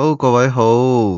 好，各位好。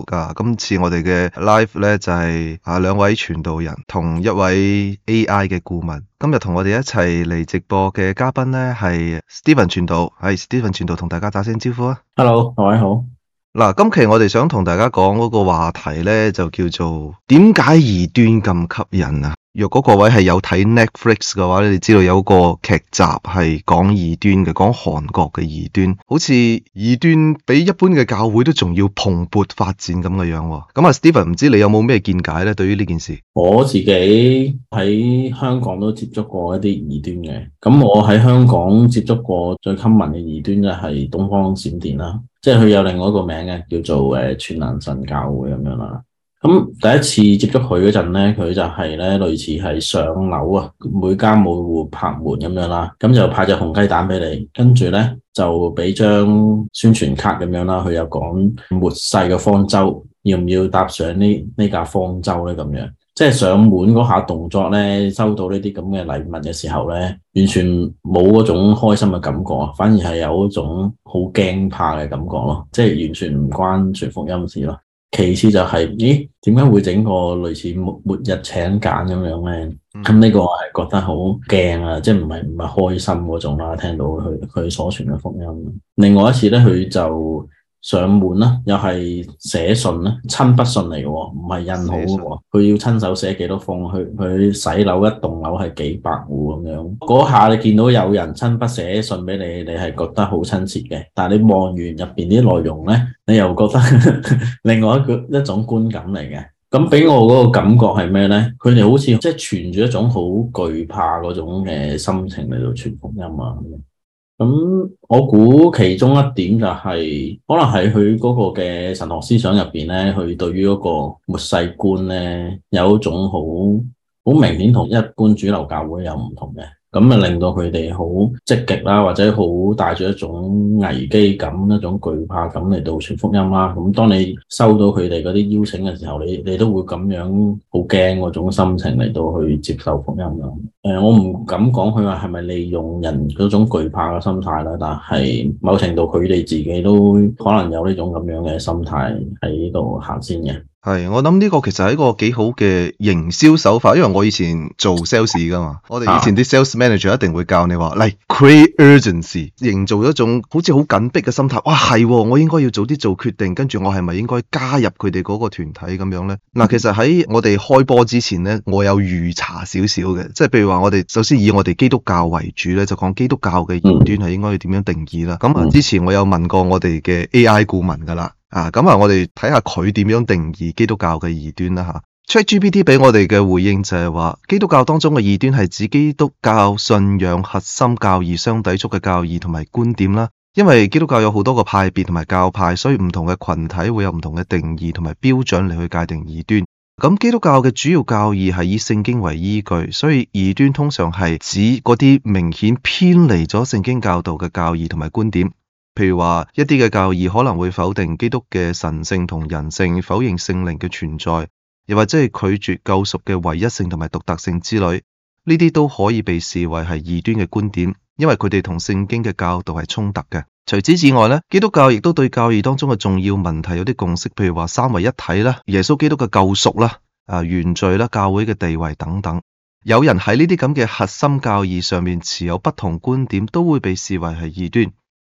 嗱、啊，今次我哋嘅 live 咧就係、是、啊兩位傳道人同一位 AI 嘅顧問，今日同我哋一齊嚟直播嘅嘉賓咧係 Steven 傳道，係 Steven 傳道同大家打聲招呼啊。Hello，各位好。嗱、啊，今期我哋想同大家講嗰個話題咧就叫做點解異端咁吸引啊？若果各位係有睇 Netflix 嘅話咧，你知道有個劇集係講異端嘅，講韓國嘅異端，好似異端比一般嘅教會都仲要蓬勃發展咁嘅樣的。咁啊，Steven 唔知你有冇咩見解呢？對於呢件事，我自己喺香港都接觸過一啲異端嘅。咁我喺香港接觸過最 common 嘅異端就係東方閃電啦，即係佢有另外一個名嘅，叫做誒全能神教會咁樣啦。咁第一次接觸佢嗰陣咧，佢就係咧類似係上樓啊，每家每戶拍門咁樣啦，咁就派隻紅雞蛋俾你，跟住咧就俾張宣傳卡咁樣啦。佢又講末世嘅方舟，要唔要搭上呢呢架方舟咧？咁樣即係上門嗰下動作咧，收到呢啲咁嘅禮物嘅時候咧，完全冇嗰種開心嘅感覺啊，反而係有一種好驚怕嘅感覺咯，即係完全唔關全福音事咯。其次就係、是，咦，點解會整個類似末末日請柬咁樣呢？咁呢、嗯、個我係覺得好驚啊，即係唔係唔係開心嗰種啦、啊，聽到佢佢所傳嘅福音。另外一次咧，佢就，上門啦，又係寫信咧，親筆信嚟嘅，唔係印好嘅，佢信要親手寫幾多封，去去洗樓，一棟樓係幾百戶咁樣。嗰下你見到有人親筆寫信俾你，你係覺得好親切嘅。但係你望完入邊啲內容咧，你又覺得 另外一個一種觀感嚟嘅。咁俾我嗰個感覺係咩咧？佢哋好似即係存住一種好懼怕嗰種嘅、呃、心情嚟到傳福音啊。咁、嗯、我估其中一點就係、是，可能係佢嗰個嘅神學思想入面，咧，佢對於嗰個末世觀呢，有一種好好明顯同一般主流教會有唔同嘅。咁啊，令到佢哋好積極啦，或者好帶住一種危機感、一種懼怕感嚟到傳福音啦。咁當你收到佢哋嗰啲邀請嘅時候，你你都會咁樣好驚嗰種心情嚟到去接受福音啦，呃，我唔敢講佢話係咪利用人嗰種懼怕嘅心態啦，但係某程度佢哋自己都可能有呢種咁樣嘅心態喺度行先嘅。係，我諗呢個其實係一個幾好嘅營銷手法，因為我以前做 sales 噶嘛，啊、我哋以前啲 sales manager 一定會教你話嚟、like, create urgency，營造一種好似好緊迫嘅心態。哇，係、哦，我應該要早啲做決定，跟住我係咪應該加入佢哋嗰個團體咁樣呢？嗱、嗯，其實喺我哋開波之前呢，我有預查少少嘅，即係譬如話我哋首先以我哋基督教為主呢，就講基督教嘅異端係應該要點樣定義啦。咁之前我有問過我哋嘅 AI 顧問噶啦。啊，咁啊，我哋睇下佢點樣定義基督教嘅異端啦吓。ChatGPT 俾我哋嘅回應就係話，基督教當中嘅異端係指基督教信仰核心教義相抵觸嘅教義同埋觀點啦。因為基督教有好多個派別同埋教派，所以唔同嘅群體會有唔同嘅定義同埋標準嚟去界定異端。咁基督教嘅主要教義係以聖經為依據，所以異端通常係指嗰啲明顯偏離咗聖經教導嘅教義同埋觀點。譬如話一啲嘅教義可能會否定基督嘅神性同人性，否認聖靈嘅存在，又或者係拒絕救贖嘅唯一性同埋獨特性之類，呢啲都可以被視為係異端嘅觀點，因為佢哋同聖經嘅教導係衝突嘅。除此之外咧，基督教亦都對教義當中嘅重要問題有啲共識，譬如話三位一體啦、耶穌基督嘅救贖啦、啊原罪啦、教會嘅地位等等。有人喺呢啲咁嘅核心教義上面持有不同觀點，都會被視為係異端。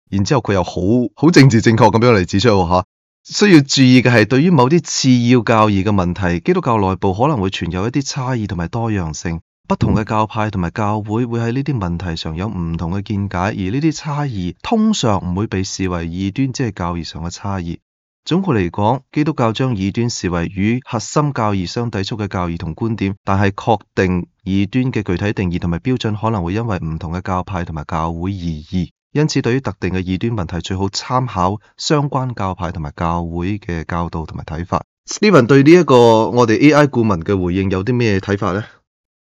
然之後佢又好好政治正確咁樣嚟指出吓，啊，需要注意嘅係，對於某啲次要教義嘅問題，基督教內部可能會存有一啲差異同埋多樣性。不同嘅教派同埋教會會喺呢啲問題上有唔同嘅見解，而呢啲差異通常唔會被視為異端，即係教義上嘅差異。總括嚟講，基督教將異端視為與核心教義相抵觸嘅教義同觀點，但係確定異端嘅具體定義同埋標準可能會因為唔同嘅教派同埋教會而異。因此，對於特定嘅異端問題，最好參考相關教派同埋教會嘅教導同埋睇法。Steven，對呢一個我哋 AI 顧問嘅回應有啲咩睇法呢？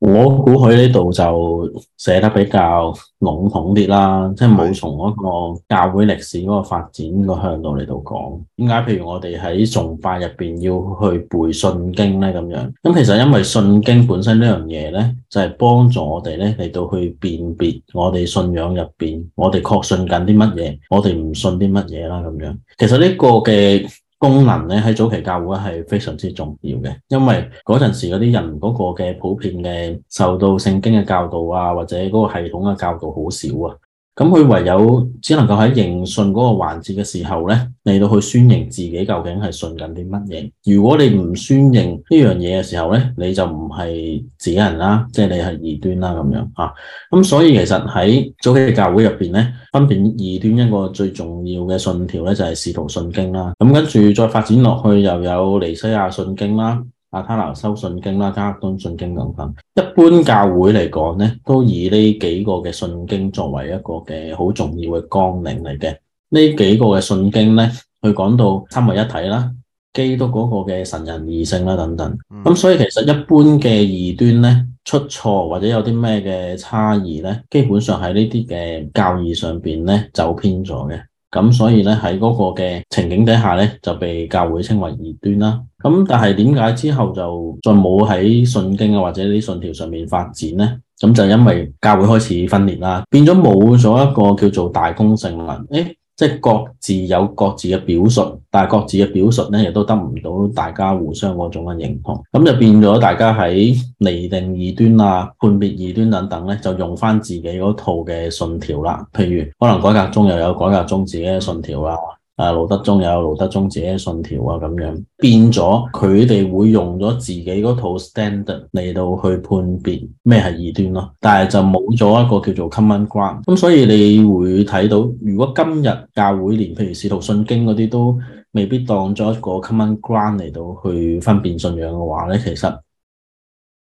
我估佢呢度就寫得比較籠統啲啦，即係冇從嗰個教會歷史嗰個發展個向度嚟到講點解？譬如我哋喺崇拜入邊要去背信經咧，咁樣咁其實因為信經本身呢樣嘢咧，就係幫助我哋咧嚟到去辨別我哋信仰入邊，我哋確信緊啲乜嘢，我哋唔信啲乜嘢啦咁樣。其實呢個嘅。功能咧，喺早期教會係非常之重要嘅。因為嗰陣時嗰啲人嗰個嘅普遍嘅受到聖經嘅教導啊，或者嗰個系統嘅教導好少啊。咁佢唯有只能夠喺認信嗰個環節嘅時候咧，嚟到去宣認自己究竟係信緊啲乜嘢。如果你唔宣認呢樣嘢嘅時候咧，你就唔係自己人啦，即係你係異端啦咁樣吓。咁、啊、所以其實喺早期嘅教會入邊咧，分辨異端一個最重要嘅信條咧就係、是、使徒信經啦。咁跟住再發展落去，又有尼西亞信經啦。阿塔拿修信經啦，迦克墩信經等等。一般教會嚟講咧，都以呢幾個嘅信經作為一個嘅好重要嘅綱領嚟嘅。呢幾個嘅信經咧，去講到三位一體啦，基督嗰個嘅神人二性啦等等。咁、嗯、所以其實一般嘅異端咧，出錯或者有啲咩嘅差異咧，基本上喺呢啲嘅教義上邊咧走偏咗嘅。咁所以咧喺嗰個嘅情景底下咧，就被教會稱為異端啦。咁但係點解之後就再冇喺信經啊或者啲信條上面發展咧？咁就因為教會開始分裂啦，變咗冇咗一個叫做大公聖領。哎！即各自有各自嘅表述，但各自嘅表述呢亦都得唔到大家互相嗰種嘅認同。咁就變咗大家喺釐定異端啊、判別異端等等呢，就用翻自己嗰套嘅信條啦。譬如可能改革宗又有改革宗自己嘅信條啦。啊，路德宗又有路德宗自己嘅信條啊，咁樣變咗，佢哋會用咗自己嗰套 standard 嚟到去判別咩係異端咯，但係就冇咗一個叫做 common ground，咁、嗯、所以你會睇到，如果今日教會連譬如使徒信經嗰啲都未必當咗一個 common ground 嚟到去分辨信仰嘅話咧，其實。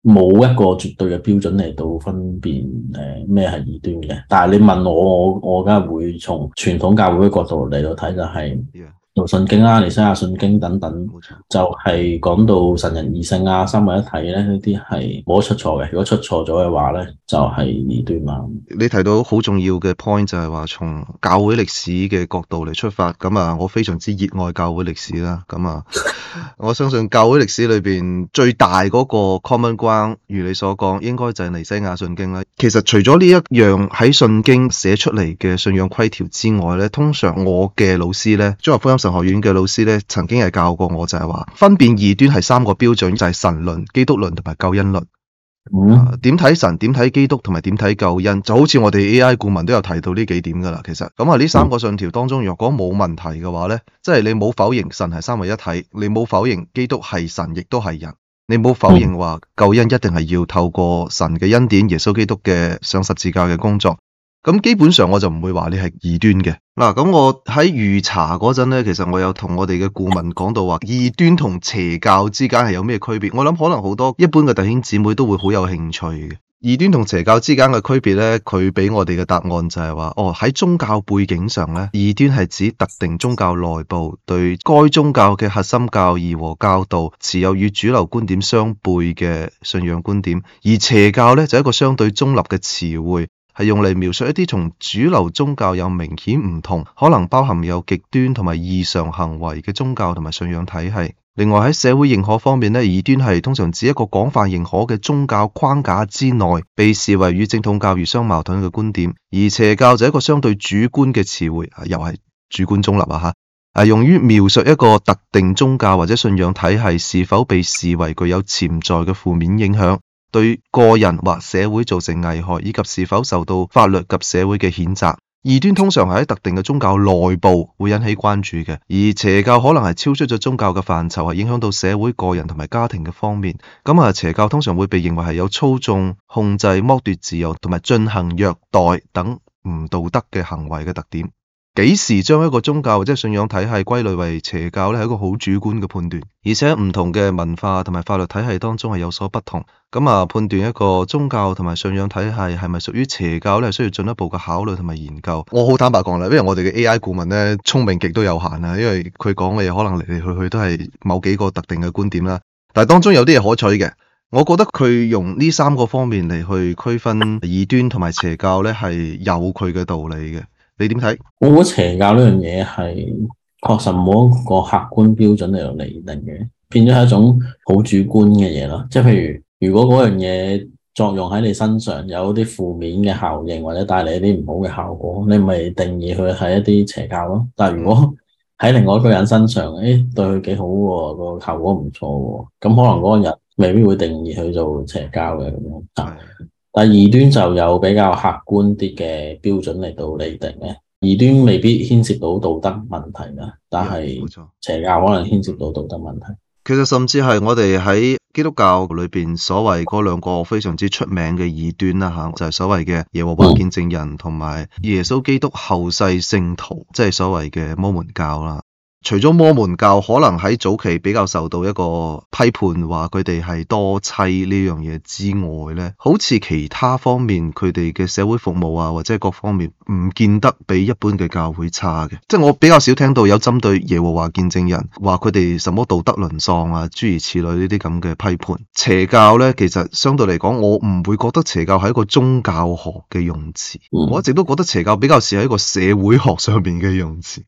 冇一個絕對嘅標準嚟到分辨誒咩係異端嘅，但係你問我，我我梗係會從傳統教會嘅角度嚟到睇就係、是。路信經啊，尼西亞信經等等，就係、是、講到神人二性啊，三位一體咧，呢啲係冇得出錯嘅。如果出錯咗嘅話咧，就係、是、異端嘛。你提到好重要嘅 point 就係話，從教會歷史嘅角度嚟出發，咁啊，我非常之熱愛教會歷史啦。咁啊，我相信教會歷史裏邊最大嗰個 common ground，如你所講，應該就係尼西亞信經啦。其實除咗呢一樣喺信經寫出嚟嘅信仰規條之外咧，通常我嘅老師咧，綜神學院嘅老師咧，曾經係教過我，就係、是、話分辨異端係三個標準，就係、是、神論、基督論同埋救恩論。點睇、嗯啊、神？點睇基督？同埋點睇救恩？就好似我哋 AI 顧問都有提到呢幾點噶啦。其實咁啊，呢、嗯、三個信條當中，若果冇問題嘅話呢，即係你冇否認神係三位一體，你冇否認基督係神亦都係人，你冇否認話救恩一定係要透過神嘅恩典、耶穌基督嘅上十字架嘅工作。咁基本上我就唔會話你係異端嘅。嗱、啊，咁我喺預查嗰陣咧，其實我有同我哋嘅顧問講到話，異端同邪教之間係有咩區別？我諗可能好多一般嘅弟兄姊妹都會好有興趣嘅。異端同邪教之間嘅區別呢，佢俾我哋嘅答案就係話，哦，喺宗教背景上呢，異端係指特定宗教內部對該宗教嘅核心教義和教導持有與主流觀點相悖嘅信仰觀點，而邪教呢，就一個相對中立嘅詞彙。係用嚟描述一啲同主流宗教有明顯唔同，可能包含有極端同埋異常行為嘅宗教同埋信仰體系。另外喺社會認可方面呢，異端係通常指一個廣泛認可嘅宗教框架之內被視為與正統教育相矛盾嘅觀點，而邪教就係一個相對主觀嘅詞彙，啊、又係主觀中立啊，啊用於描述一個特定宗教或者信仰體系是否被視為具有潛在嘅負面影響。對個人或社會造成危害，以及是否受到法律及社會嘅譴責，異端通常係喺特定嘅宗教內部會引起關注嘅，而邪教，可能係超出咗宗教嘅範疇，係影響到社會、個人同埋家庭嘅方面。咁啊，邪教通常會被認為係有操縱、控制、剝奪自由同埋進行虐待等唔道德嘅行為嘅特點。幾時將一個宗教或者信仰體系歸類為邪教呢，係一個好主觀嘅判斷，而且唔同嘅文化同埋法律體系當中係有所不同。咁啊，判斷一個宗教同埋信仰體系係咪屬於邪教呢，係需要進一步嘅考慮同埋研究。我好坦白講啦，因為我哋嘅 AI 顧問呢，聰明極都有限啊，因為佢講嘅嘢可能嚟嚟去去都係某幾個特定嘅觀點啦。但係當中有啲嘢可取嘅，我覺得佢用呢三個方面嚟去區分異端同埋邪教呢，係有佢嘅道理嘅。你點睇？我覺得邪教呢樣嘢係確實冇一個客觀標準嚟嚟定嘅，變咗係一種好主觀嘅嘢啦。即係譬如，如果嗰樣嘢作用喺你身上有啲負面嘅效應，或者帶嚟一啲唔好嘅效果，你咪定義佢係一啲邪教咯。但係如果喺另外一個人身上，誒、哎、對佢幾好，個效果唔錯，咁可能嗰個人未必會定義佢做邪教嘅咁樣。但第二端就有比較客觀啲嘅標準嚟到擬定嘅，二端未必牽涉到道德問題嘅，但係邪教可能牽涉到道德問題。其實甚至係我哋喺基督教裏面所謂嗰兩個非常之出名嘅異端啦，就係所謂嘅耶和華見證人同埋耶穌基督後世聖徒，即係所謂嘅摩門教啦。除咗摩門教可能喺早期比較受到一個批判，話佢哋係多妻呢樣嘢之外呢，好似其他方面佢哋嘅社會服務啊，或者各方面唔見得比一般嘅教會差嘅。即係我比較少聽到有針對耶和華見證人話佢哋什麼道德淪喪啊，諸如此類呢啲咁嘅批判。邪教呢，其實相對嚟講，我唔會覺得邪教係一個宗教學嘅用詞，嗯、我一直都覺得邪教比較似係一個社會學上面嘅用詞。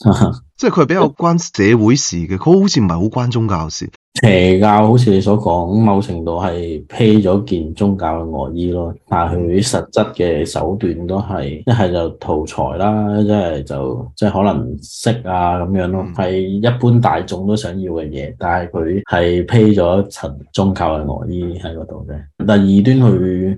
啊、即係佢係比較關社會事嘅，佢好似唔係好關宗教事。邪教好似你所講，某程度係披咗件宗教嘅外衣咯，但係佢實質嘅手段都係一係就圖財啦，一係就即係可能色啊咁樣咯，係一般大眾都想要嘅嘢，但係佢係披咗一層宗教嘅外衣喺嗰度嘅。但異端佢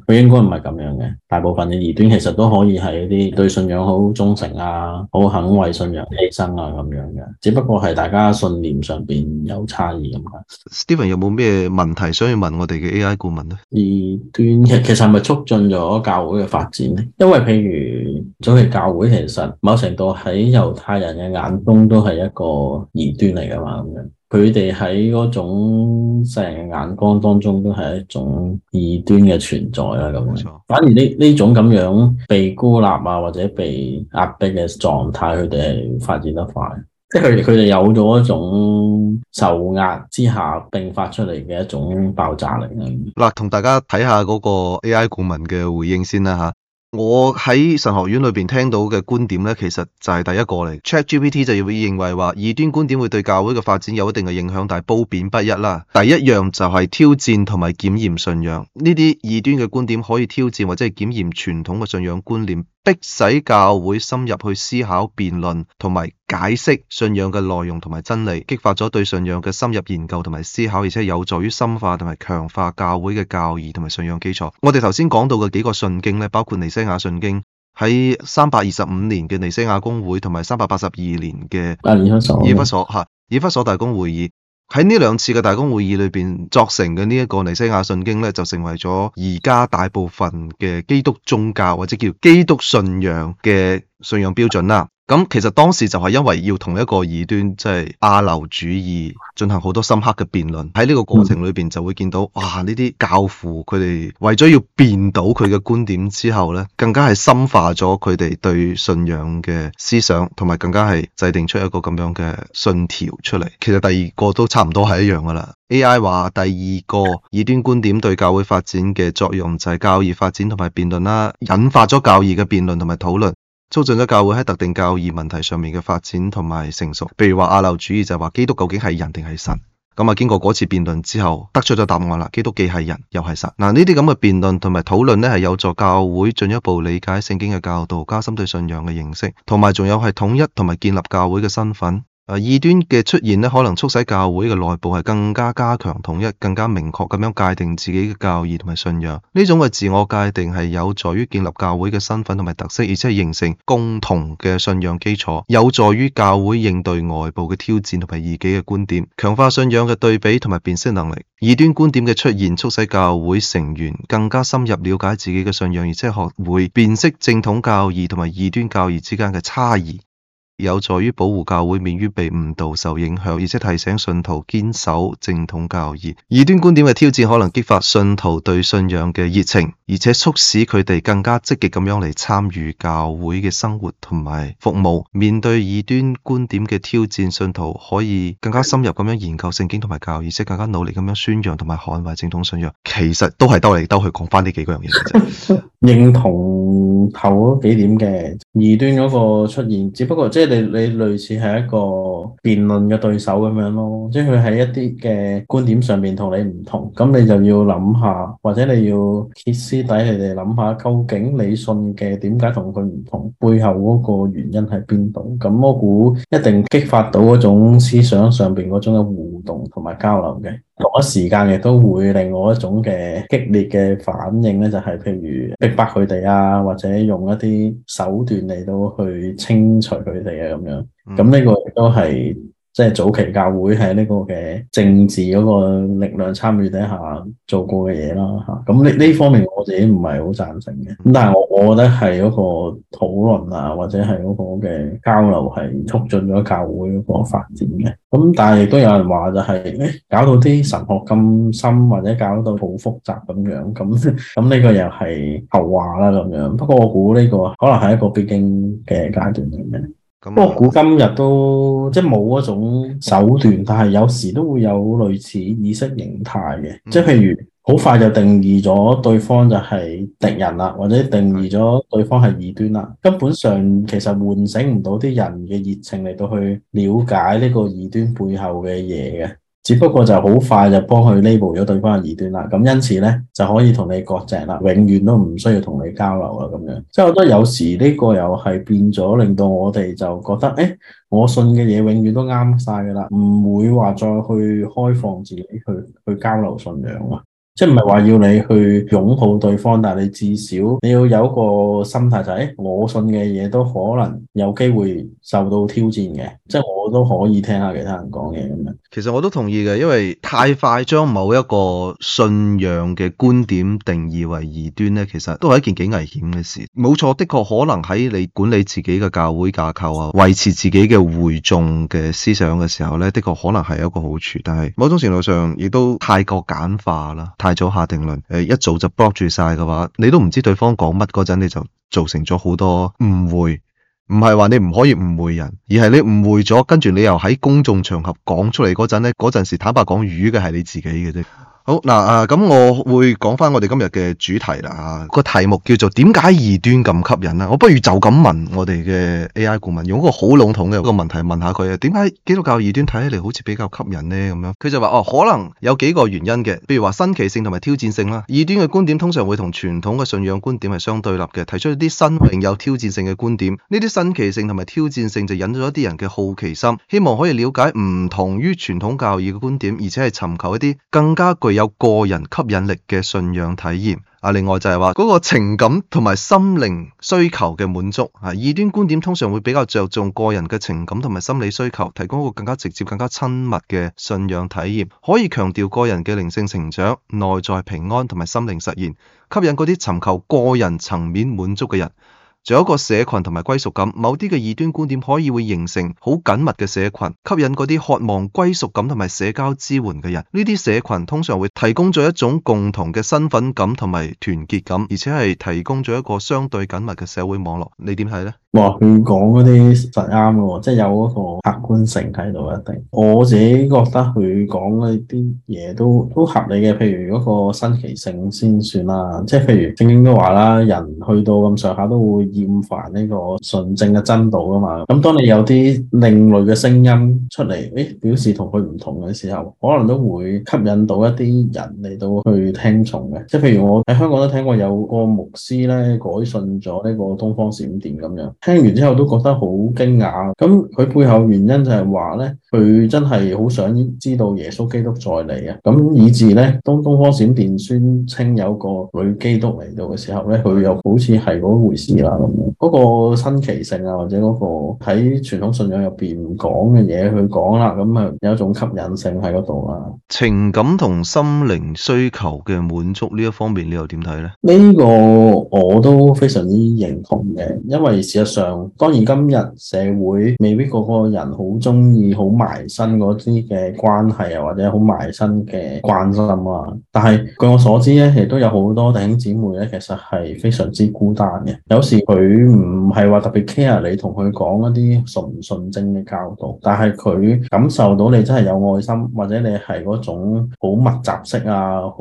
佢應該唔係咁樣嘅，大部分嘅異端其實都可以係一啲對信仰好忠誠啊，好肯為信仰犧牲啊咁樣嘅，只不過係大家信念上面有差異咁樣。Steven 有冇咩問題想要問我哋嘅 AI 顧問咧？異端其實係咪促進咗教會嘅發展咧？因為譬如早期教會其實某程度喺猶太人嘅眼中都係一個異端嚟噶嘛咁樣。佢哋喺嗰種世人的眼光當中，都係一種異端嘅存在啦。咁，反而呢呢種咁樣被孤立啊，或者被壓迫嘅狀態，佢哋係發展得快。即係佢佢哋有咗一種受壓之下迸發出嚟嘅一種爆炸力。嗱，同大家睇下嗰個 AI 顧問嘅回應先啦，我喺神學院裏面聽到嘅觀點呢，其實就係第一個嚟。ChatGPT 就會認為話，異端觀點會對教會嘅發展有一定嘅影響，但係褒貶不一啦。第一樣就係挑戰同埋檢驗信仰，呢啲異端嘅觀點可以挑戰或者係檢驗傳統嘅信仰觀念。迫使教會深入去思考、辯論同埋解釋信仰嘅內容同埋真理，激發咗對信仰嘅深入研究同埋思考，而且有助於深化同埋強化教會嘅教義同埋信仰基礎。我哋頭先講到嘅幾個信經呢，包括尼西亞信經，喺三百二十五年嘅尼西亞公會同埋三百八十二年嘅以弗所，吓，以弗所大公會議。喺呢兩次嘅大公會議裏面作成嘅呢一個尼西亞信經呢，就成為咗而家大部分嘅基督宗教或者叫基督信仰嘅信仰標準啦。咁其實當時就係因為要同一個異端，即係亞流主義進行好多深刻嘅辯論，喺呢個過程裏邊就會見到啊，呢啲教父佢哋為咗要辯到佢嘅觀點之後呢，更加係深化咗佢哋對信仰嘅思想，同埋更加係制定出一個咁樣嘅信條出嚟。其實第二個都差唔多係一樣㗎喇。AI 話第二個異端觀點對教會發展嘅作用就係教義發展同埋辯論啦，引發咗教義嘅辯論同埋討論。促進咗教會喺特定教義問題上面嘅發展同埋成熟，譬如話亞流主義就話基督究竟係人定係神，咁啊經過嗰次辯論之後，得出咗答案啦。基督既係人又係神。嗱呢啲咁嘅辯論同埋討論呢，係有助教會進一步理解聖經嘅教導，加深對信仰嘅認識，同埋仲有系統一同埋建立教會嘅身份。誒，異端嘅出現咧，可能促使教會嘅內部係更加加強統一，更加明確咁樣界定自己嘅教義同埋信仰。呢種嘅自我界定係有助於建立教會嘅身份同埋特色，而且形成共同嘅信仰基礎，有助於教會應對外部嘅挑戰同埋異己嘅觀點，強化信仰嘅對比同埋辨識能力。異端觀點嘅出現，促使教會成員更加深入了解自己嘅信仰，而且學會辨識正統教義同埋異端教義之間嘅差異。有助於保護教會免於被誤導、受影響，而且提醒信徒堅守正統教義。異端觀點嘅挑戰可能激發信徒對信仰嘅熱情，而且促使佢哋更加積極咁樣嚟參與教會嘅生活同埋服務。面對異端觀點嘅挑戰，信徒可以更加深入咁樣研究聖經同埋教義，而且更加努力咁樣宣揚同埋捍衞正統信仰。其實都係兜嚟兜去講返呢幾樣嘢。 認同頭幾點嘅異端嗰個出現，只不過即係。你你類似係一個辯論嘅對手咁樣咯，即係佢喺一啲嘅觀點上面同你唔同，咁你就要諗下，或者你要歇斯底里哋諗下，究竟你信嘅點解同佢唔同，背後嗰個原因係邊度？咁我估一定激發到嗰種思想上邊嗰種嘅同埋交流嘅，同一時間亦都會令我一種嘅激烈嘅反應咧，就係譬如逼迫佢哋啊，或者用一啲手段嚟到去清除佢哋啊咁樣，咁呢個亦都係。即係早期教會喺呢個嘅政治嗰個力量參與底下做過嘅嘢啦，嚇咁呢呢方面我自己唔係好贊成嘅。咁但係我我覺得係嗰個討論啊，或者係嗰個嘅交流係促進咗教會嗰個發展嘅。咁、嗯、但係亦都有人話就係、誒、搞到啲神學咁深，或者搞到好複雜咁樣。咁咁呢個又係後話啦咁樣。不過我估呢個可能係一個必經嘅階段嚟嘅。不過估今日都即係冇嗰種手段，但係有時都會有類似意識形態嘅，即係譬如好快就定義咗對方就係敵人啦，或者定義咗對方係異端啦。根本上其實喚醒唔到啲人嘅熱情嚟到去了解呢個異端背後嘅嘢嘅。只不過就好快就幫佢 label 咗對方嘅異端啦，咁因此咧就可以同你割蓆啦，永遠都唔需要同你交流啊，咁樣，即係我覺得有時呢個又係變咗，令到我哋就覺得，誒，我信嘅嘢永遠都啱晒噶啦，唔會話再去開放自己去去,去交流信仰啊，即係唔係話要你去擁抱對方，但係你至少你要有一個心態就係、是，誒，我信嘅嘢都可能有機會受到挑戰嘅，即係我都可以聽下其他人講嘢咁樣。其實我都同意嘅，因為太快將某一個信仰嘅觀點定義為異端咧，其實都係一件幾危險嘅事。冇錯，的確可能喺你管理自己嘅教會架構啊，維持自己嘅會眾嘅思想嘅時候咧，的確可能係一個好處。但係某種程度上亦都太過簡化啦，太早下定論，誒一早就 block 住晒嘅話，你都唔知對方講乜嗰陣，你就造成咗好多誤會。唔係話你唔可以誤會人，而係你誤會咗，跟住你又喺公眾場合講出嚟嗰陣咧，嗰陣時坦白講，魚嘅係你自己嘅啫。好嗱啊，咁我會講翻我哋今日嘅主題啦啊、個題目叫做點解異端咁吸引啦？我不如就咁問我哋嘅 A.I. 顧問用一個好籠統嘅一個問題問下佢啊，點解基督教異端睇起嚟好似比較吸引呢？咁樣佢就話哦，可能有幾個原因嘅，譬如話新奇性同埋挑戰性啦。異端嘅觀點通常會同傳統嘅信仰觀點係相對立嘅，提出一啲新穎有挑戰性嘅觀點。呢啲新奇性同埋挑戰性就引咗一啲人嘅好奇心，希望可以了解唔同於傳統教義嘅觀點，而且係尋求一啲更加具有個人吸引力嘅信仰體驗。啊，另外就係話嗰個情感同埋心靈需求嘅滿足。啊，異端觀點通常會比較着重個人嘅情感同埋心理需求，提供一個更加直接、更加親密嘅信仰體驗，可以強調個人嘅靈性成長、內在平安同埋心靈實現，吸引嗰啲尋求個人層面滿足嘅人。仲有一個社群同埋歸屬感，某啲嘅異端觀點可以會形成好緊密嘅社群，吸引嗰啲渴望歸屬感同埋社交支援嘅人。呢啲社群通常會提供咗一種共同嘅身份感同埋團結感，而且係提供咗一個相對緊密嘅社會網絡。你點睇呢？哇！佢講嗰啲實啱嘅，即係有嗰個客觀性喺度一定。我自己覺得佢講嗰啲嘢都都合理嘅。譬如嗰個新奇性先算啦，即係譬如聖經都話啦，人去到咁上下都會厭煩呢個純正嘅真道啊嘛。咁當你有啲另類嘅聲音出嚟，誒表示同佢唔同嘅時候，可能都會吸引到一啲人嚟到去聽從嘅。即係譬如我喺香港都聽過有個牧師咧改信咗呢個東方閃電咁樣。聽完之後都覺得好驚訝，咁佢背後原因就係話呢。佢真係好想知道耶穌基督再嚟啊！咁以至呢，當東方閃電宣稱有個女基督嚟到嘅時候呢，佢又好似係嗰回事啦咁樣。嗰個新奇性啊，或者嗰個喺傳統信仰入邊唔講嘅嘢，佢講啦，咁啊有一種吸引性喺嗰度啦。情感同心靈需求嘅滿足呢一方面，你又點睇呢？呢個我都非常之認同嘅，因為事實上，當然今日社會未必個個人好中意好。埋身嗰啲嘅關係啊，或者好埋身嘅關心啊，但係據我所知咧，其實都有好多弟兄姊妹咧，其實係非常之孤單嘅。有時佢唔係話特別 care 你同佢講一啲純唔純正嘅教導，但係佢感受到你真係有愛心，或者你係嗰種好密集式啊、好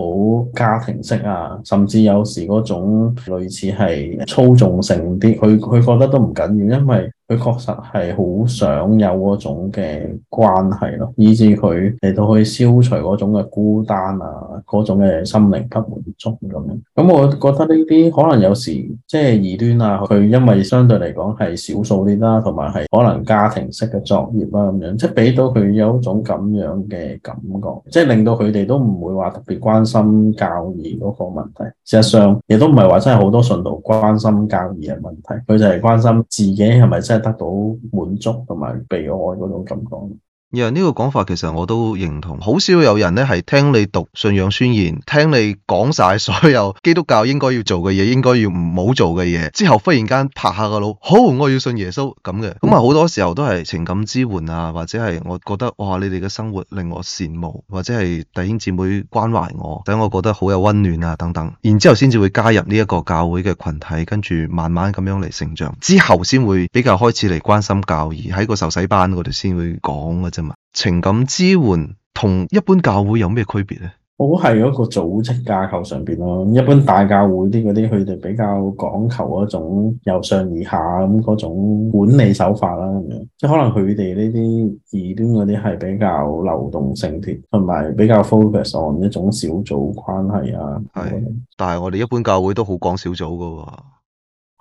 家庭式啊，甚至有時嗰種類似係操縱性啲，佢佢覺得都唔緊要，因為，佢確實係好想有嗰種嘅關係咯，以至佢嚟到去消除嗰種嘅孤單啊，嗰種嘅心靈不滿足咁樣。咁、嗯、我覺得呢啲可能有時即係異端啊，佢因為相對嚟講係少數啲啦、啊，同埋係可能家庭式嘅作業啦、啊、咁樣，即係俾到佢有一種咁樣嘅感覺，即係令到佢哋都唔會話特別關心教義嗰個問題。事實上亦都唔係話真係好多信徒關心教義嘅問題，佢就係關心自己係咪真係得到滿足同埋被愛嗰種感覺。呀，呢個講法其實我都認同，好少有人呢係聽你讀信仰宣言，聽你講晒所有基督教應該要做嘅嘢、應該要唔好做嘅嘢，之後忽然間拍下個腦，好我要信耶穌咁嘅，咁啊好多時候都係情感支援啊，或者係我覺得哇你哋嘅生活令我羨慕，或者係弟兄姊妹關懷我，等我覺得好有溫暖啊等等，然之後先至會加入呢一個教會嘅群體，跟住慢慢咁樣嚟成長，之後先會比較開始嚟關心教義，喺個受洗班嗰度先會講嘅啫。情感支援同一般教會有咩區別呢？我係一個組織架構上邊咯，一般大教會啲嗰啲佢哋比較講求一種由上而下咁嗰種管理手法啦，咁樣即係可能佢哋呢啲異端嗰啲係比較流動性啲，同埋比較 focus on 一種小組關係啊。係是，但係我哋一般教會都好講小組噶。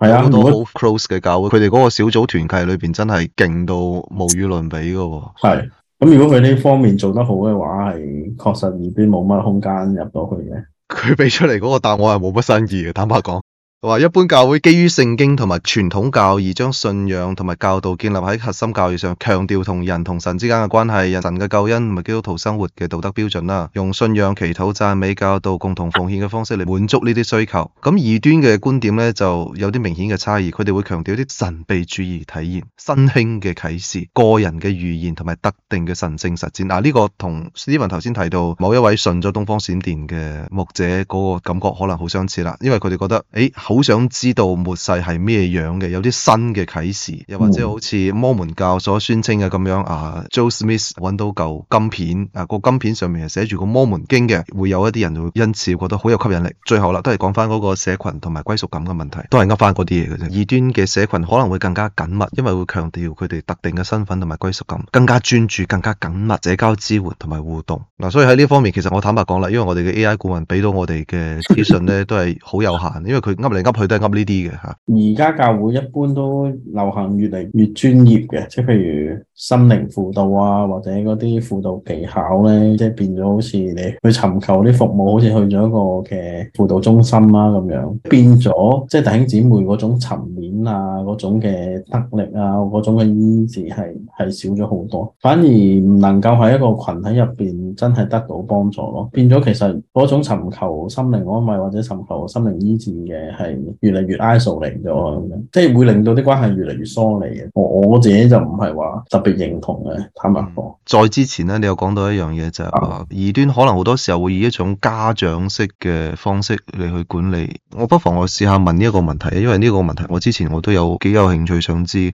係啊，好 close 嘅教會，佢哋嗰個小組團契裏邊真係勁到無與倫比噶。係，咁如果佢呢方面做得好嘅話，係確實耳邊冇乜空間入到去嘅。佢俾出嚟嗰個答案係冇乜新意嘅，坦白講。話一般教會基於聖經同埋傳統教義，將信仰同埋教導建立喺核心教義上，強調同人同神之間嘅關係，人神嘅救恩同埋基督徒生活嘅道德標準啦。用信仰、祈禱、讚美、教導、共同奉獻嘅方式嚟滿足呢啲需求。咁異端嘅觀點咧，就有啲明顯嘅差異。佢哋會強調啲神秘主義體驗、新興嘅啟示、個人嘅預言同埋特定嘅神聖實踐。嗱，呢、這個同 Steven 頭先提到某一位信咗東方閃電嘅牧者嗰、那個感覺可能好相似啦，因為佢哋覺得，誒、哎。好想知道末世係咩樣嘅，有啲新嘅啟示，又或者好似摩門教所宣稱嘅咁樣啊，Joe Smith 揾到嚿金片啊，個金片上面係寫住個摩門經嘅，會有一啲人就會因此覺得好有吸引力。最後啦，都係講翻嗰個社群同埋歸屬感嘅問題，都係噏翻嗰啲嘢嘅啫。異端嘅社群可能會更加緊密，因為會強調佢哋特定嘅身份同埋歸屬感，更加專注、更加緊密、社交支援同埋互動。嗱、啊，所以喺呢方面，其實我坦白講啦，因為我哋嘅 AI 顧問俾到我哋嘅資訊咧，都係好有限，因為佢噏你。噏佢都係噏呢啲嘅嚇。而家教會一般都流行越嚟越專業嘅，即係譬如心靈輔導啊，或者嗰啲輔導技巧咧，即係變咗好似你去尋求啲服務，好似去咗一個嘅輔導中心啦、啊、咁樣，變咗即係弟兄姊妹嗰種層面啊，嗰種嘅得力啊，嗰種嘅醫治係係少咗好多，反而唔能夠喺一個群體入邊真係得到幫助咯。變咗其實嗰種尋求心靈安慰或者尋求心靈醫治嘅係。越嚟越 isolating 咗，即係會令到啲關係越嚟越疏離嘅。我我自己就唔係話特別認同嘅。坦白講，再之前咧，你有講到一樣嘢就係、是，啊、異端可能好多時候會以一種家長式嘅方式嚟去管理。我不妨我試下問呢一個問題，因為呢個問題我之前我都有幾有興趣想知。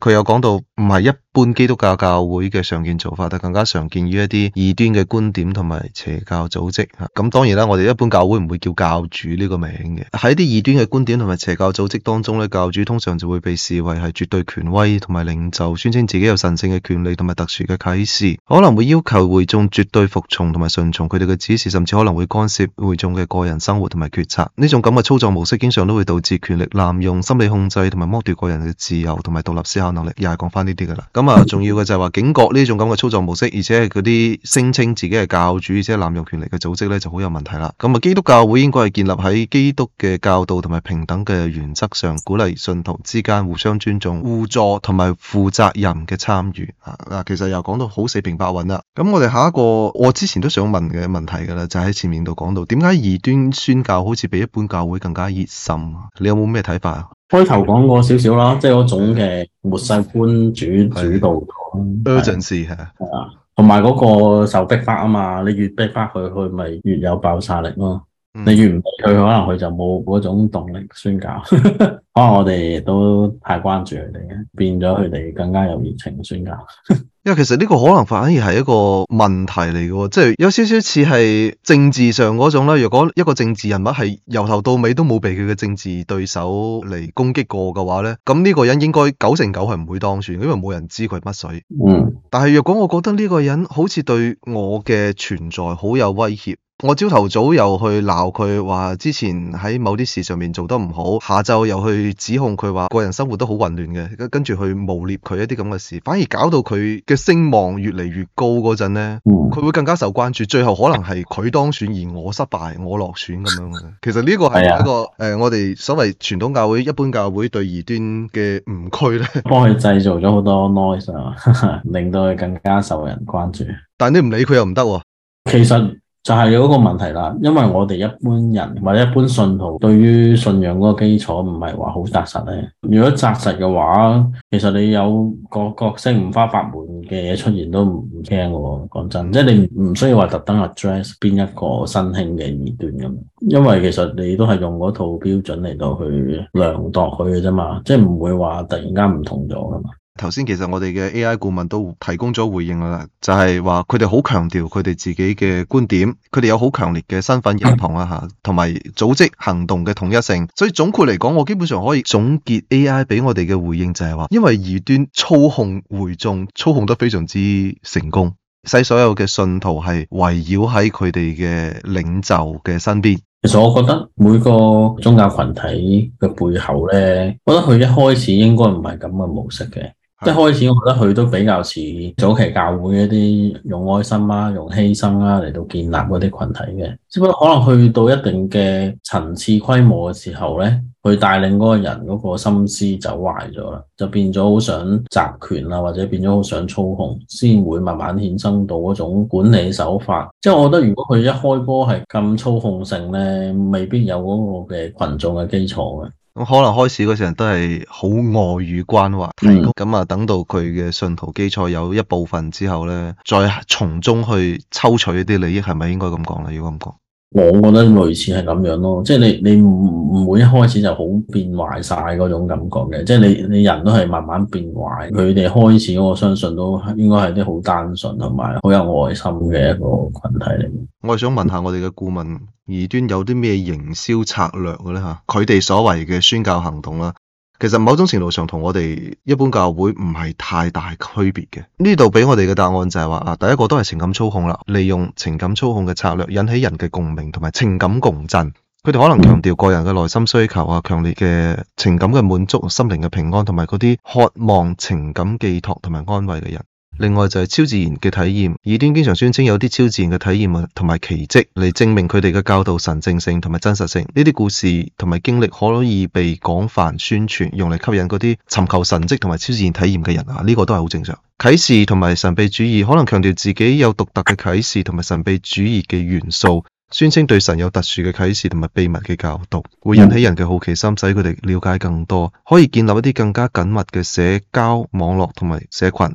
佢有講到唔係一。一般基督教教會嘅常見做法，但更加常見於一啲異端嘅觀點同埋邪教組織。嚇，咁當然啦，我哋一般教會唔會叫教主呢個名嘅。喺啲異端嘅觀點同埋邪教組織當中咧，教主通常就會被視為係絕對權威同埋領袖，宣稱自己有神聖嘅權利同埋特殊嘅啟示，可能會要求會衆絕對服從同埋順從佢哋嘅指示，甚至可能會干涉會衆嘅個人生活同埋決策。呢種咁嘅操作模式，經常都會導致權力濫用、心理控制同埋剝奪個人嘅自由同埋獨立思考能力。又係講翻呢啲噶啦。重要嘅就係話警覺呢種咁嘅操作模式，而且係嗰啲聲稱自己係教主，而且濫用權力嘅組織咧就好有問題啦。咁啊，基督教會應該係建立喺基督嘅教導同埋平等嘅原則上，鼓勵信徒之間互相尊重、互助同埋負責任嘅參與啊。嗱，其實又講到好四平八穩啦。咁我哋下一個，我之前都想問嘅問題噶啦，就喺、是、前面度講到，點解異端宣教好似比一般教會更加熱心？你有冇咩睇法？開頭講過少少啦，即係嗰種嘅末世觀主主導咗，係啊的，同埋嗰個受逼迫啊嘛，你越逼迫佢，佢咪越有爆炸力咯。你越唔逼佢，可能佢就冇嗰種動力宣教。 可能我哋都太關注佢哋，變咗佢哋更加有熱情宣教。 因為其實呢個可能反而係一個問題嚟嘅，即係有少少似係政治上嗰種咧。如果一個政治人物係由頭到尾都冇被佢嘅政治對手嚟攻擊過嘅話呢，咁呢個人應該九成九係唔會當選，因為冇人知佢係乜水。嗯。但係如果我覺得呢個人好似對我嘅存在好有威脅。我朝頭早又去鬧佢，話之前喺某啲事上面做得唔好，下晝又去指控佢話個人生活都好混亂嘅，跟住去污蔑佢一啲咁嘅事，反而搞到佢嘅聲望越嚟越高嗰陣咧，佢、嗯、會更加受關注。最後可能係佢當選而我失敗，我落選咁樣。其實呢個係一個誒、啊呃，我哋所謂傳統教會、一般教會對異端嘅誤區咧，幫佢製造咗好多 noise、啊、 令到佢更加受人關注。但你唔理佢又唔得、啊，其實。就係有一個問題啦，因為我哋一般人或者一般信徒對於信仰嗰個基礎唔係話好扎實咧。如果扎實嘅話，其實你有個角色五花八門嘅嘢出現都唔驚嘅喎。講真，即係你唔需要話特登 address 邊一個新興嘅異端咁，因為其實你都係用嗰套標準嚟到去量度佢嘅啫嘛，即係唔會話突然間唔同咗㗎嘛。頭先其實我哋嘅 A.I. 顧問都提供咗回應啦，就係話佢哋好強調佢哋自己嘅觀點，佢哋有好強烈嘅身份認同啊吓，同埋組織行動嘅統一性。所以總括嚟講，我基本上可以總結 A.I. 俾我哋嘅回應就係話，因為異端操控會眾操控得非常之成功，使所有嘅信徒係圍繞喺佢哋嘅領袖嘅身邊。其實我覺得每個宗教群體嘅背後咧，我覺得佢一開始應該唔係咁嘅模式嘅。一開始，我覺得佢都比較似早期教會一啲用愛心啊、用犧牲啊嚟到建立嗰啲群體嘅。只不過可能去到一定嘅層次規模嘅時候呢，佢帶領嗰個人嗰個心思走壞咗，就變咗好想集權啊，或者變咗好想操控，先會慢慢衍生到嗰種管理手法。即我覺得如果佢一開波係咁操控性呢，未必有嗰個嘅群眾嘅基礎。可能開始嗰陣都係好外遇關懷，咁啊的等到佢嘅信徒基礎有一部分之後呢，再從中去抽取一啲利益，係咪應該咁講呢？如果咁講。我覺得類似係咁樣咯，即係你你唔唔會一開始就好變壞晒嗰種感覺嘅，即係你你人都係慢慢變壞。佢哋開始，我相信都應該係啲好單純同埋好有愛心嘅一個群體嚟。我係想問下我哋嘅顧問，異端有啲咩營銷策略嘅咧吓？佢哋所謂嘅宣教行動啦。其實某種程度上同我哋一般教會唔係太大區別嘅，呢度俾我哋嘅答案就係話啊，第一個都係情感操控啦，利用情感操控嘅策略引起人嘅共鳴同埋情感共振。佢哋可能強調個人嘅內心需求啊，強烈嘅情感嘅滿足、心靈嘅平安同埋嗰啲渴望情感寄託同埋安慰嘅人。另外就係超自然嘅體驗，異端經常宣稱有啲超自然嘅體驗同埋奇蹟嚟證明佢哋嘅教導神聖性同埋真實性。呢啲故事同埋經歷可以被廣泛宣傳，用嚟吸引嗰啲尋求神跡同埋超自然體驗嘅人啊。呢個都係好正常。啟示同埋神秘主義可能強調自己有獨特嘅啟示同埋神秘主義嘅元素，宣稱對神有特殊嘅啟示同埋秘密嘅教導，會引起人嘅好奇心，使佢哋了解更多，可以建立一啲更加緊密嘅社交網絡同埋社群。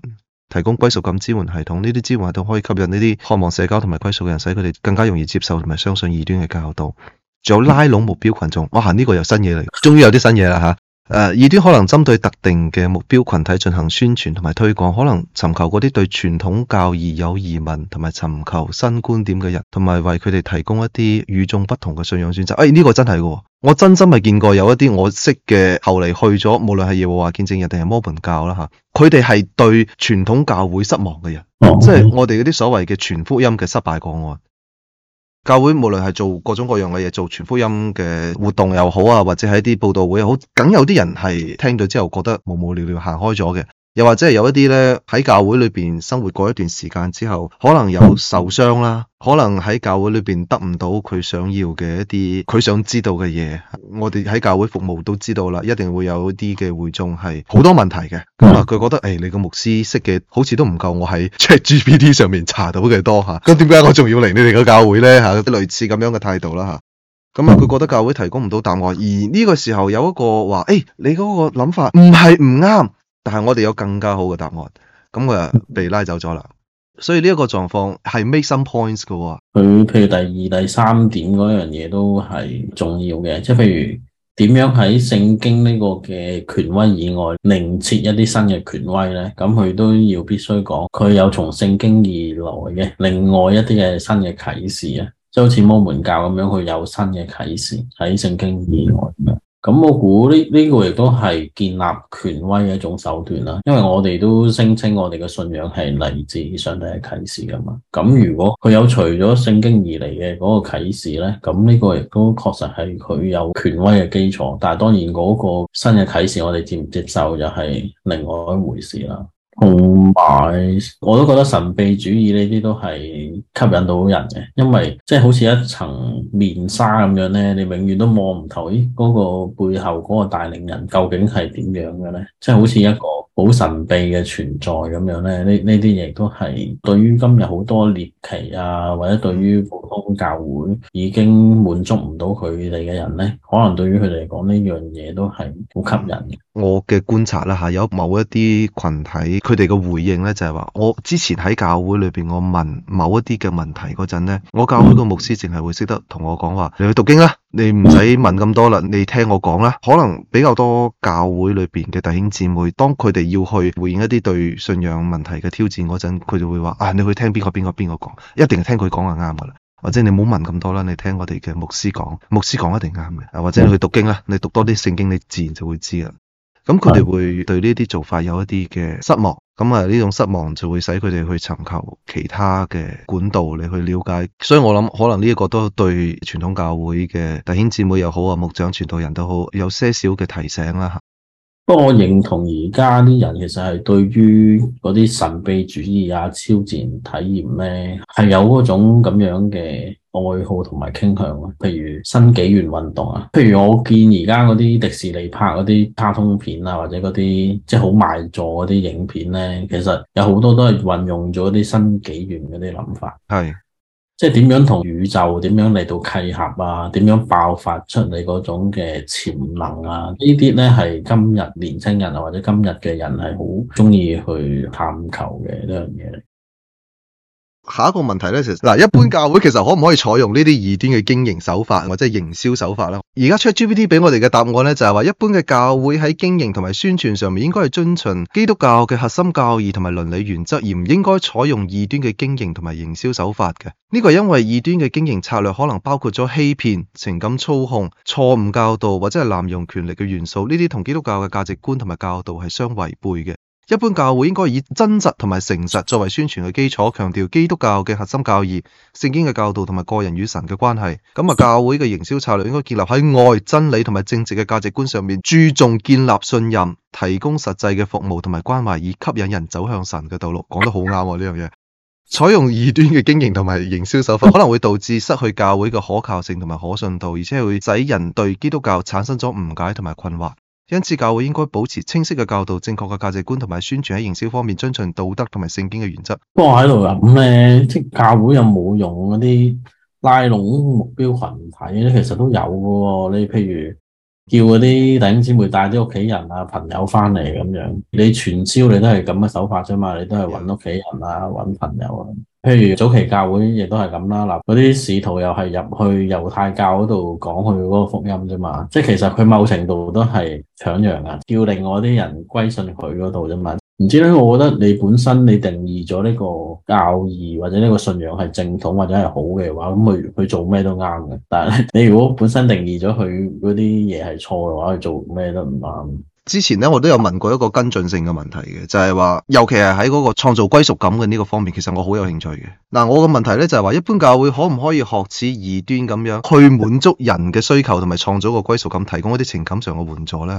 提供歸屬感支援系統，呢啲支援系統可以吸引呢啲渴望社交同埋歸屬嘅人，使佢哋更加容易接受同埋相信異端嘅教導。仲有拉攏目標群眾，哇！呢個又新嘢嚟，終於有啲新嘢啦吓。誒，異端可能針對特定嘅目標群體進行宣傳同埋推廣，可能尋求嗰啲對傳統教義有疑問同埋尋求新觀點嘅人，同埋為佢哋提供一啲與眾不同嘅信仰選擇。誒，呢個真係嘅。我真心係見過有一啲我識嘅後嚟去咗，無論係耶和華見證人定係摩門教啦吓，佢哋係對傳統教會失望嘅人，Okay. 即係我哋嗰啲所謂嘅傳福音嘅失敗個案。教會無論係做各種各樣嘅嘢，做傳福音嘅活動又好啊，或者係啲報道會又好，梗有啲人係聽咗之後覺得無無聊聊行開咗嘅。又或者係有一啲咧喺教會裏邊生活過一段時間之後，可能有受傷啦，可能喺教會裏邊得唔到佢想要嘅一啲佢想知道嘅嘢。我哋喺教會服務都知道啦，一定會有一啲嘅會眾係好多問題嘅。咁、嗯、啊，佢覺得誒、哎，你個牧師識嘅好似都唔夠我喺 ChatGPT 上面查到嘅多吓。咁點解我仲要嚟你哋個教會咧吓、啊？類似咁樣嘅態度啦吓。咁啊，佢、嗯、覺得教會提供唔到答案，而呢個時候有一個話誒、哎，你嗰個諗法唔係唔啱。但係我哋有更加好嘅答案，咁佢被拉走咗啦。所以呢一個狀況係 make some points 嘅。佢譬如，第二、第三點嗰樣嘢都係重要嘅，即係譬如點樣喺聖經呢個嘅權威以外，另設一啲新嘅權威咧。咁佢都要必須講，佢有從聖經而來嘅另外一啲嘅新嘅啟示啊，即係好似摩門教咁樣佢有新嘅啟示喺聖經以外咁樣。咁我估呢呢個亦都係建立權威嘅一種手段啦，因為我哋都聲稱我哋嘅信仰係嚟自上帝嘅啟示㗎嘛。咁如果佢有除咗聖經而嚟嘅嗰個啟示呢，咁呢個亦都確實係佢有權威嘅基礎。但係當然嗰個新嘅啟示，我哋接唔接受又係另外一回事啦。同埋，我都覺得神秘主義呢啲都係吸引到人嘅，因為即係好似一層面紗咁樣呢，你永遠都摸唔透，咦嗰個背後嗰個帶領人究竟係點樣嘅呢。即係好似一個好神秘嘅存在咁樣呢，呢啲嘢都係對於今日好多獵奇啊，或者對於普通教會已經滿足唔到佢哋嘅人呢，可能對於佢哋嚟講呢樣嘢都係好吸引。我嘅觀察啦吓，有某一啲群體，佢哋嘅回應咧就係話，我之前喺教會裏邊，我問某一啲嘅問題嗰陣咧，我教會個牧師淨係會識得同我講話，你去讀經啦，你唔使問咁多啦，你聽我講啦。可能比較多教會裏邊嘅弟兄姊妹，當佢哋要去回應一啲對信仰問題嘅挑戰嗰陣，佢就會話啊，你去聽邊個邊個邊個講，一定係聽佢講係啱噶啦，或者你唔好問咁多啦，你聽我哋嘅牧師講，牧師講一定啱嘅，或者你去讀經啦，你讀多啲聖經，你自然就會知噶啦。咁佢哋會對呢啲做法有一啲嘅失望，咁啊呢種失望就會使佢哋去尋求其他嘅管道嚟去了解，所以我諗可能呢一個都對傳統教會嘅弟兄姊妹又好啊，牧長傳道人都好，有些少嘅提醒啦。不過我認同而家啲人其實係對於嗰啲神秘主義啊、超自然體驗呢，係有嗰種咁樣嘅愛好同埋傾向啊。譬如新紀元運動啊，譬如我見而家嗰啲迪士尼拍嗰啲卡通片啊，或者嗰啲即係好賣座嗰啲影片呢，其實有好多都係運用咗啲新紀元嗰啲諗法。係。即係點樣同宇宙點樣嚟到契合啊？點樣爆發出你嗰種嘅潛能啊？呢啲咧係今日年青人或者今日嘅人係好中意去探求嘅一樣嘢。下一個問題呢，其實一般教會其實可唔可以採用呢啲異端嘅經營手法或者營銷手法呢？而家出 GPT 俾我哋嘅答案呢，就係話一般嘅教會喺經營同埋宣傳上面，應該係遵循基督教嘅核心教義同埋倫理原則，而唔應該採用異端嘅經營同埋營銷手法嘅。呢個係因為異端嘅經營策略可能包括咗欺騙、情感操控、錯誤教導或者係濫用權力嘅元素，呢啲同基督教嘅價值觀同埋教導係相違背嘅。一般教會應該以真實同埋誠實作為宣傳嘅基礎，強調基督教嘅核心教義、聖經嘅教導同埋個人與神嘅關係。咁啊，教會嘅營銷策略應該建立喺愛、真理同埋正直嘅價值觀上面，注重建立信任，提供實際嘅服務同埋關懷，以吸引人走向神嘅道路。講得好啱呢樣嘢。採用異端嘅經營同埋營銷手法，可能會導致失去教會嘅可靠性同埋可信度，而且會使人對基督教產生咗誤解同埋困惑。因此，教會應該保持清晰嘅教導、正確嘅價值觀同埋宣傳喺營銷方面遵循道德同埋聖經嘅原則。不過喺度諗咧，即教會有冇用嗰啲拉攏目標群體咧？其實都有嘅、哦。你譬如叫嗰啲弟兄姊妹帶啲屋企人啊、朋友翻嚟咁樣，你傳銷你都係咁嘅手法啫嘛，你都係揾屋企人啊、揾朋友啊。譬如早期教會亦都係咁啦，嗱，嗰啲使徒又係入去猶太教嗰度講佢嗰個福音啫嘛，即係其實佢某程度都係搶羊啊，叫另外啲人歸信佢嗰度啫嘛。唔知咧，我覺得你本身你定義咗呢個教義或者呢個信仰係正統或者係好嘅話，咁佢佢做咩都啱嘅。但係你如果本身定義咗佢嗰啲嘢係錯嘅話，佢做咩都唔啱。之前呢，我都有問過一個跟進性嘅問題嘅，就係、是、話，尤其係喺嗰個創造歸屬感嘅呢個方面，其實我好有興趣嘅。嗱，我嘅問題呢，就係、是、話，一般教會可唔可以學似異端咁樣去滿足人嘅需求同埋創造一個歸屬感，提供一啲情感上嘅援助呢？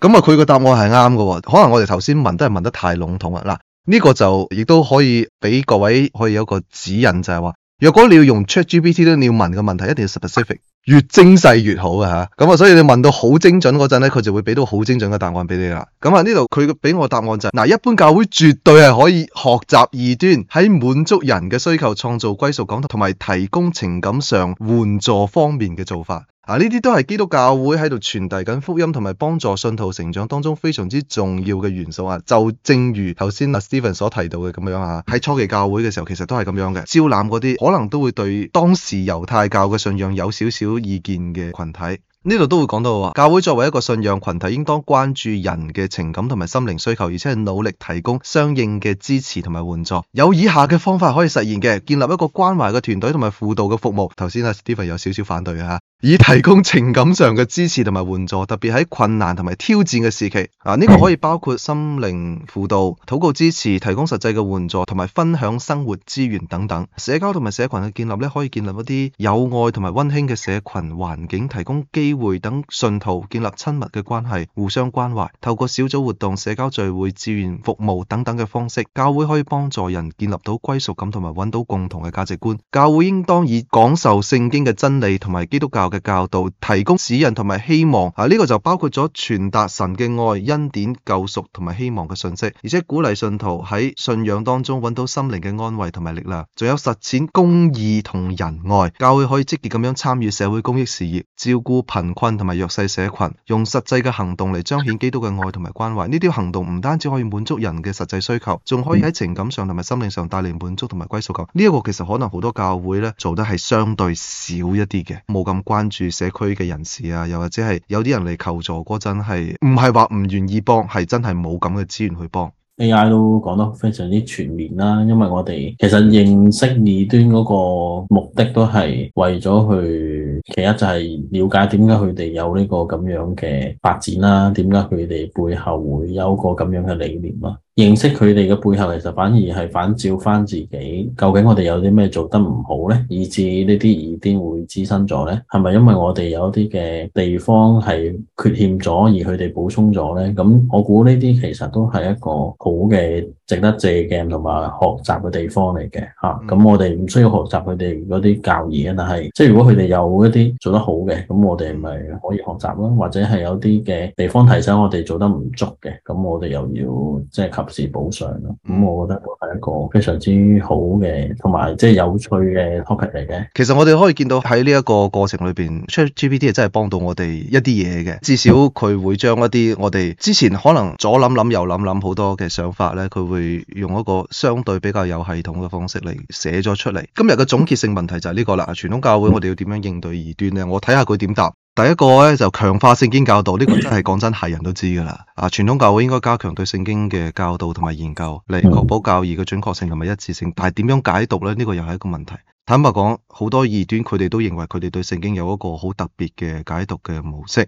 嚇，咁、嗯、啊，佢嘅答案係啱嘅。可能我哋頭先問都係問得太籠統啦。嗱，呢、這個就亦都可以俾各位可以有一個指引，就係、是、話，若果你要用 Chat GPT 咧，G B、T，你要問嘅問題一定要 specific。越精細越好嘅吓、啊，啊，所以你問到好精準嗰陣呢，佢就會俾到好精準嘅答案俾你啦。咁啊，呢度佢嘅俾我答案就係，是，一般教會絕對係可以學習異端喺滿足人嘅需求、創造歸屬感同埋提供情感上援助方面嘅做法。啊！呢啲都係基督教會喺度傳遞緊福音同埋幫助信徒成長當中非常之重要嘅元素啊！就正如頭先阿 Steven 所提到嘅咁樣啊，喺初期教會嘅時候，其實都係咁樣嘅，招攬嗰啲可能都會對當時猶太教嘅信仰有少少意見嘅群體。呢度都會講到話，教會作為一個信仰群體，應當關注人嘅情感同埋心靈需求，而且係努力提供相應嘅支持同埋援助。有以下嘅方法可以實現嘅：建立一個關懷嘅團隊同埋輔導嘅服務。頭先阿 Steven 有少少反對嘅，以提供情感上嘅支持同埋援助，特別喺困難同埋挑戰嘅時期。啊，呢個可以包括心靈輔導、禱告支持、提供實際嘅援助同埋分享生活資源等等。社交同埋社群嘅建立咧，可以建立一啲有愛同埋溫馨嘅社群環境，提供機會等信徒建立親密嘅關係，互相關懷，透過小組活動、社交聚會、志願服務等等嘅方式，教會可以幫助人建立到歸屬感同埋揾到共同嘅價值觀。教會應當以講授聖經嘅真理同埋基督教嘅教導，提供指引同埋希望。啊，呢個就包括咗傳達神嘅愛、恩典、救贖同埋希望嘅信息，而且鼓勵信徒喺信仰當中揾到心靈嘅安慰同埋力量。仲有實踐公義同仁愛，教會可以積極咁樣參與社會公益事業，照顧貧困同埋弱勢社群，用實際嘅行動嚟彰顯基督嘅愛同埋關懷。呢啲行動唔單止可以滿足人嘅實際需求，仲可以喺情感上同埋心理上帶嚟滿足同埋歸屬感。呢、這、一個其實可能好多教會咧做得係相對少一啲嘅，冇咁關注社區嘅人士啊，又或者係有啲人嚟求助嗰陣係唔係話唔願意幫，係真係冇咁嘅資源去幫。A.I. 都講得非常之全面啦，因為我哋其實認識異端嗰個目的都係為咗去，其一就係了解點解佢哋有呢個咁樣嘅發展啦，點解佢哋背後會有個咁樣嘅理念啊？認識佢哋嘅背後，其實反而係反照翻自己，究竟我哋有啲咩做得唔好呢？以至呢啲異端會滋生咗呢？係咪因為我哋有啲嘅地方係缺陷咗，而佢哋補充咗呢？咁我估呢啲其實都係一個好嘅值得借鏡同埋學習嘅地方嚟嘅吓。咁、嗯、我哋唔需要學習佢哋嗰啲教義，但係即係如果佢哋有一啲做得好嘅，咁我哋咪可以學習咯。或者係有啲嘅地方提醒我哋做得唔足嘅，咁我哋又要即係是補償咯，咁我覺得係一個非常之好嘅，同埋即係有趣嘅 topic 嚟嘅。其實我哋可以見到喺呢一個過程裏邊，ChatGPT 係真係幫到我哋一啲嘢嘅。至少佢會將一啲我哋之前可能左諗諗右諗諗好多嘅想法咧，佢會用一個相對比較有系統嘅方式嚟寫咗出嚟。今日嘅總結性問題就係呢個啦。傳統教會我哋要點樣應對異端咧？我睇下佢點答。第一個咧，就強化聖經教導，呢個真係講 真係人都知㗎喇。啊，傳統教會應該加強對聖經嘅教導同埋研究，嚟確保教義嘅準確性同埋一致性。但係點樣解讀咧？呢個又係一個問題。坦白講，好多異端佢哋都認為佢哋對聖經有一個好特別嘅解讀嘅模式。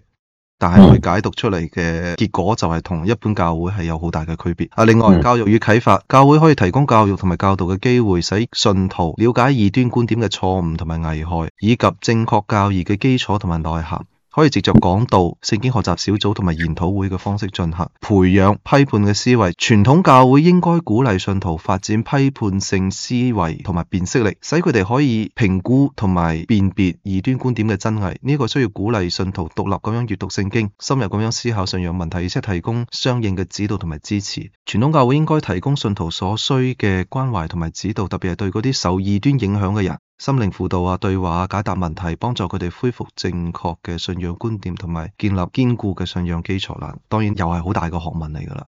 但係佢解讀出嚟嘅結果就係同一般教會係有好大嘅區別。啊，另外，教育與啟發，教會可以提供教育同埋教導嘅機會，使信徒了解異端觀點嘅錯誤同埋危害，以及正確教義嘅基礎同埋內涵。可以藉著講道、聖經學習小組同埋研討會嘅方式進行，培養批判嘅思維。傳統教會應該鼓勵信徒發展批判性思維同埋辨識力，使佢哋可以評估同埋辨別異端觀點嘅真偽。呢個需要鼓勵信徒獨立咁樣閱讀聖經，深入咁樣思考信仰問題，而且提供相應嘅指導同埋支持。傳統教會應該提供信徒所需嘅關懷同埋指導，特別係對嗰啲受異端影響嘅人。心靈輔導啊，對話啊，解答問題，幫助佢哋恢復正確嘅信仰觀點，同埋建立堅固嘅信仰基礎啦。當然又係好大個學問嚟噶啦。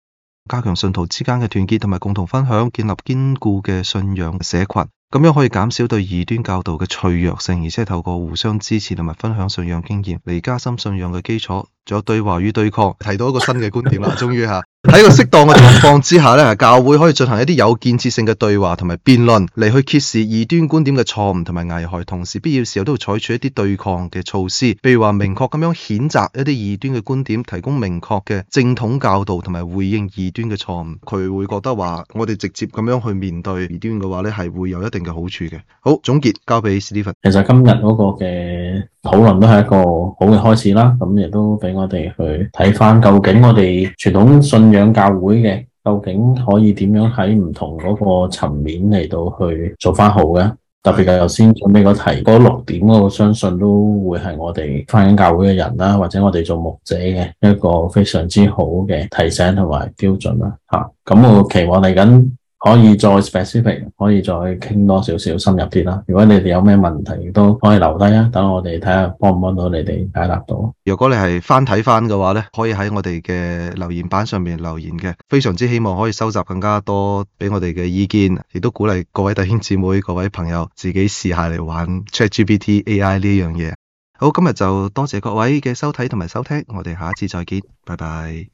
加強信徒之間嘅團結，同埋共同分享，建立堅固嘅信仰社群，咁樣可以減少對異端教導嘅脆弱性，而且透過互相支持同埋分享信仰經驗嚟加深信仰嘅基礎。仲有對話與對抗，提到一個新嘅觀點啦，終於吓喺個適當嘅情況之下咧，教會可以進行一啲有建設性嘅對話同埋辯論，嚟去揭示異端觀點嘅錯誤同埋危害，同時必要嘅時候都會採取一啲對抗嘅措施，譬如話明確咁樣譴責一啲異端嘅觀點，提供明確嘅正統教導同埋回應異端嘅錯誤，佢會覺得話我哋直接咁樣去面對異端嘅話咧，係會有一定嘅好處嘅。好，總結交俾 Steven，其實今日嗰個嘅討論都係一個好嘅開始啦，咁亦都俾。我哋去睇翻究竟我哋傳統信仰教會嘅究竟可以點樣喺唔同嗰個層面嚟到去做翻好嘅？特別係頭先準備嗰題嗰六點，我相信都會係我哋翻緊教會嘅人啦，或者我哋做牧者嘅一個非常之好嘅提醒同埋標準啦。吓、啊，咁我期望嚟緊。可以再 specific，可以再傾多少少深入啲啦。如果你哋有咩問題，都可以留低啊，等我哋睇下幫唔幫到你哋解答到。如果你係翻睇翻嘅話咧，可以喺我哋嘅留言板上面留言嘅。非常之希望可以收集更加多俾我哋嘅意見，亦都鼓勵各位弟兄姊妹、各位朋友自己試下嚟玩 ChatGPT AI 呢樣嘢。好，今日就多謝各位嘅收睇同埋收聽，我哋下一次再見，拜拜，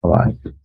拜拜。